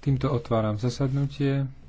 Týmto otváram zasadnutie.